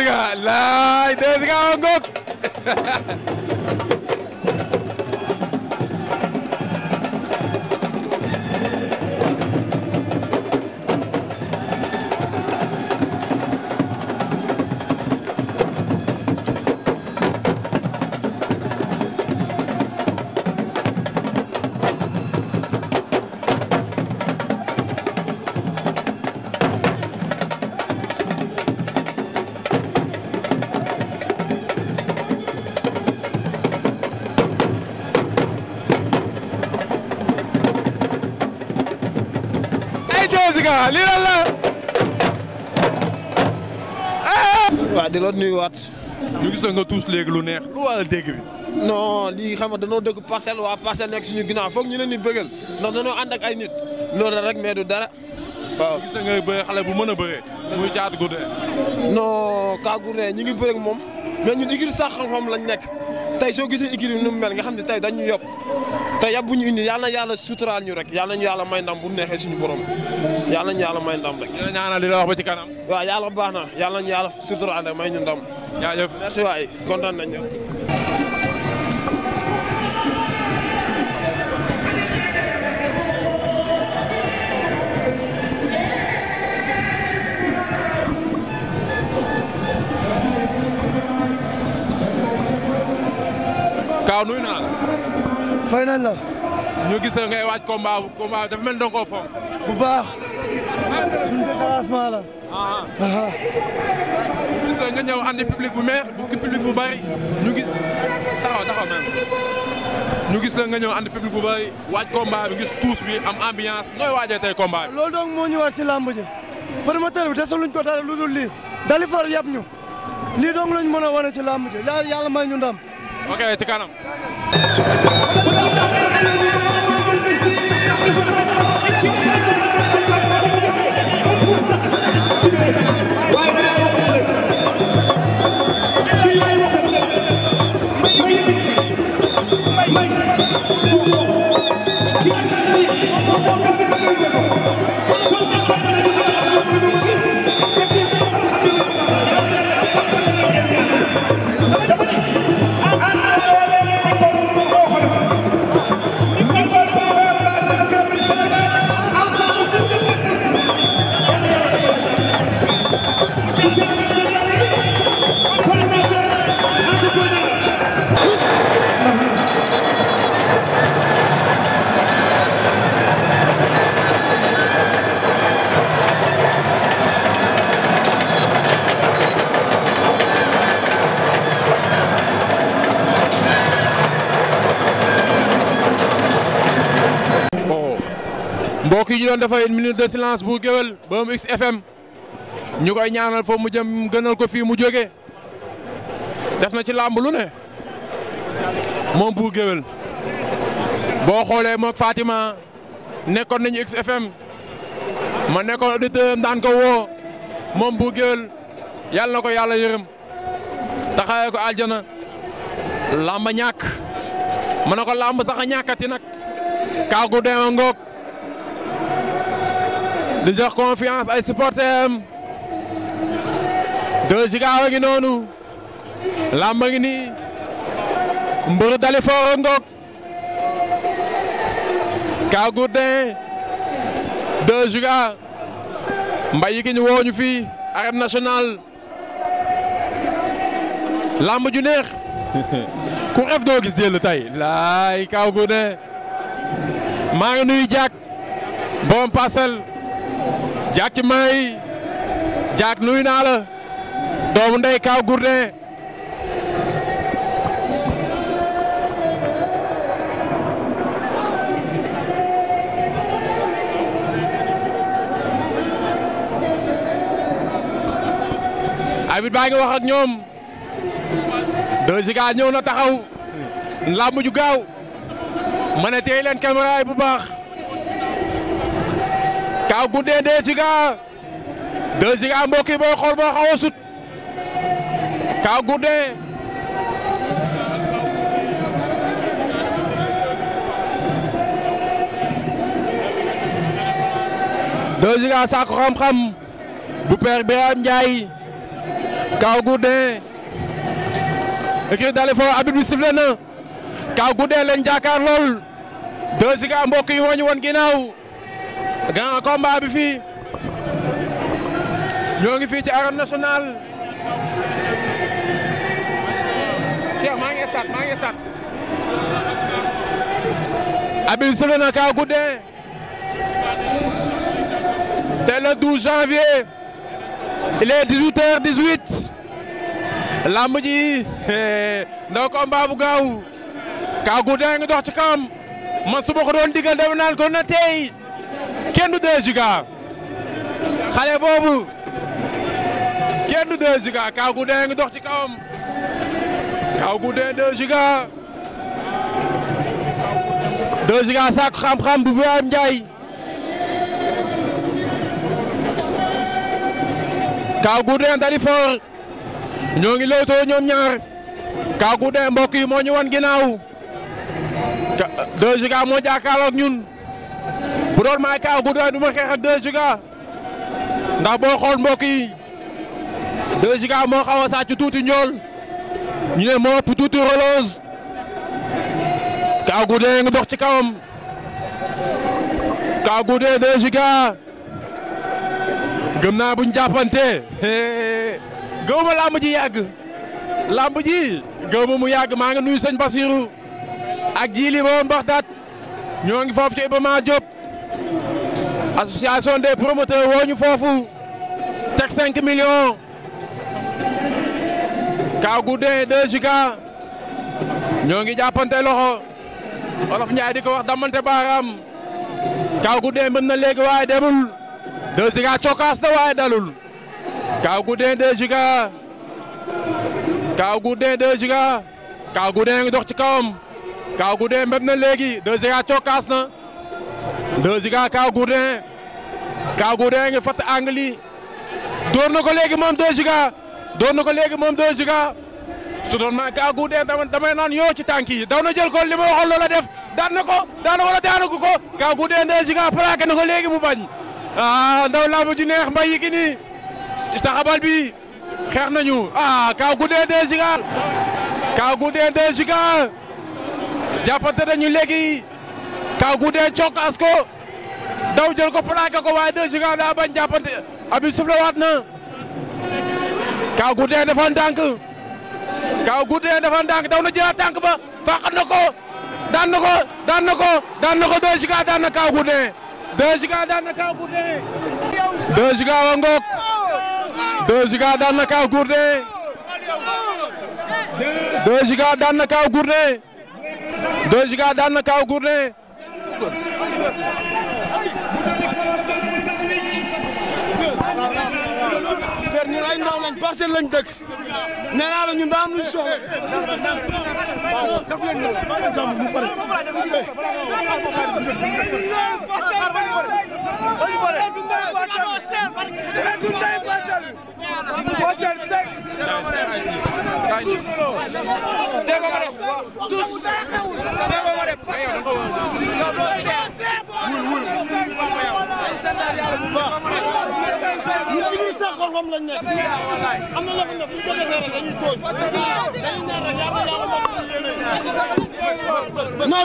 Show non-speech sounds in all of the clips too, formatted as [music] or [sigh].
Siga laay De Siga ngoog nga lii lan ah! waa di la nuyuwaat. ñu gis la nga tuus léegi lu neex lu wàll dégg bi. non lii xam nga danoo dëkk parcelle waa parcelle nekk suñu ginnaaw foog ñu leen di bëggal ndax danoo ànd ay nit loolu rek mais du dara. waaw gis nga bëre xale bu mën a bëree. muy caat guddee. non kaa guddee ñu ngi bëre ak moom mais ñun igir sax xam-xam lañ nekk. tey soo gisee équipe bi mel nga xam ne tey dañu yob te ya bu ñu indi yàlla na yàlla suturaal ñu rek yàlla nañu yàlla may ndam bu neexee suñu borom yàlla nañu yàlla may ndam rek. dina ñaanal li la wax ba ci kanam. waaw yàlla baax na yàlla nañu yàlla suturaal rek may ñu ndam. jaajëf merci waay kontaan nañu Sow nuyu naa la. fay nañ ñu gis la ngay waaj combat combat dafa mel fo dong koo foog. bu baax. suñu la. ah. ah. gis la nga ñëw andi public bu meer bu public bu bari ñu gis taxaw taxaw même ñu gis la nga ñëw andi public bu bari waaj combat bi gis tuus bi am ambiance nooy waajee tey combat lool loolu donc moo ñu war ci làmb ji. promoteur luñ ko dara lu dul lii. yab ñu. lii donc lañ mën a wane ci làmb ji yàlla may ñu ndam. ok ci kanam mbokk yi ñu doon defa une minute de silence bu géwél Boom X FM ñu koy ñaanal foofu mu jëm gënal ko fii mu jógee def na ci làmb lu ne moom bu géwél boo xoolee moog Fatima nekkoon nañu XFM ma nekkoon auditeur daan ko woo moom bu géwél yàlla na ko yàlla yërëm taxawee ko aljana làmb ñàkk ma ne ko làmb sax a ñàkkati nag kaagu deema ngoog di jox confiance ay supporters am 2 Giga ngi noonu làmb ngi nii mbër Dalifort ngok Kaw Gourdin 2 Giga mbay gi ñu woo ñu fii arène làmb ju neex [laughs] ku xef doo gis tey laay Kaw Gourdin maa ngi nuyu jàkk borom parcelle jaak ci may jaak nuyu naa la doomu ndey Kaaw Gourdin abit baa ngi wax ak ñoom Deux Giga ñëw na taxaw làmb ju gaaw ma ne leen caméra yi bu baax Kaw Goundé 2 Giga 2 Giga mbokk yi xool moo xaw a Kaw Goundé Deux Giga saako xam-xam bu père Birame Ndiaye Kaw Goundé écrit daal fo abit bi sifle na Kaw Goundé leen jàkkaar lool Deux Giga mbokk yi moo ñu grand combat bi fii ñoo ngi fii ci arène nationale Cheikh maa ngi sat te le janvier il est 18h18 lamb ji [laughs] ndaw combat bu gaaw Kaw Gourdin ngi dox ci kawam man su ko doon digal dem naan ko na tey kenn du 2 giga xale boobu ngi dox ci kawam Kaw Gourdin 2 giga 2 giga sàkk xam-xam bu Birame Ndiaye Kaw Gourdin ñoo ngi lewtoo ñoom ñaar Kaw Gourdin mbokk yi moo ñu wan ginnaaw 2 giga moo jàkkaarloog ñun bu doon maay kaaw gu doon du ma xeex ak ndax boo xool mbokk yi 2 Giga moo xaw a tuuti ñool ñu ne moo ëpp tuuti relose kaaw gu dee nga ci kawam kaaw gu dee 2 Giga gëm naa buñ jàppante [laughs] gëwuma làmb ji yàgg làmb ji gëwuma mu yàgg maa ngi nuyu sëñ Basirou ak ji li moom mbax daat ngi foofu ci Iba Mar Diop association des promoteurs woo ñu foofu teg 5 millions Kaw Gourdin 2 Giga ñoo ngi jàppante loxo Olof Ndiaye di ko wax damante baaraam Kaw Gourdin mën na léegi waaye demul 2 Giga cokaas na waaye dalul Kaw Gourdin 2 Giga Kaw Kaw Gourdin ngi dox ci kawam Kaw Gourdin mbëb na léegi 2 Giga cokaas na. 2 Giga Kaw Gourdin Kaw Gourdin ngi angli door na ko léegi moom 2 Giga door na ko léegi moom 2 Giga su doon maa Kaw damay naan yoo ci tànk yi daw na jël ko li ma loola def daan ko daan na wala daanu ko ko Kaw Gourdin 2 Giga na ko léegi mu bañ ah ndaw làmb ju neex mbay yi ki nii ci saxabal bi xeex nañu ah Kaw Gourdin 2 Giga Kaw Gourdin 2 Giga jàppante nañu Kaw Gourdin cokkaas ko daw jël ko plaqué ko waaye deux daa bañ jàppante abi sufle waat na Kaw Gourdin dafa ndànk Kaw Gourdin dafa ndànk daw na jëlaat tànk ba fàqat na ko daan na ko daan na na Kaw Gourdin deux Giga na Kaw Gourdin deux Giga na Kaw Gourdin Akbar. ñun ay ndaw lañ parcelle lañ dëkk nee naa la ñun daa am luñ soxla. daf leen ñëw. ñun ñuy sax xam lañ nekk am na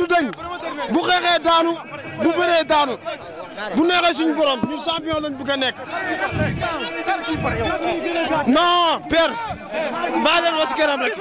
du dañ bu xeexee daanu bu bëree daanu bu neexee suñu borom ñu champion lañ bëgg a nekk non père baa leen was keram rek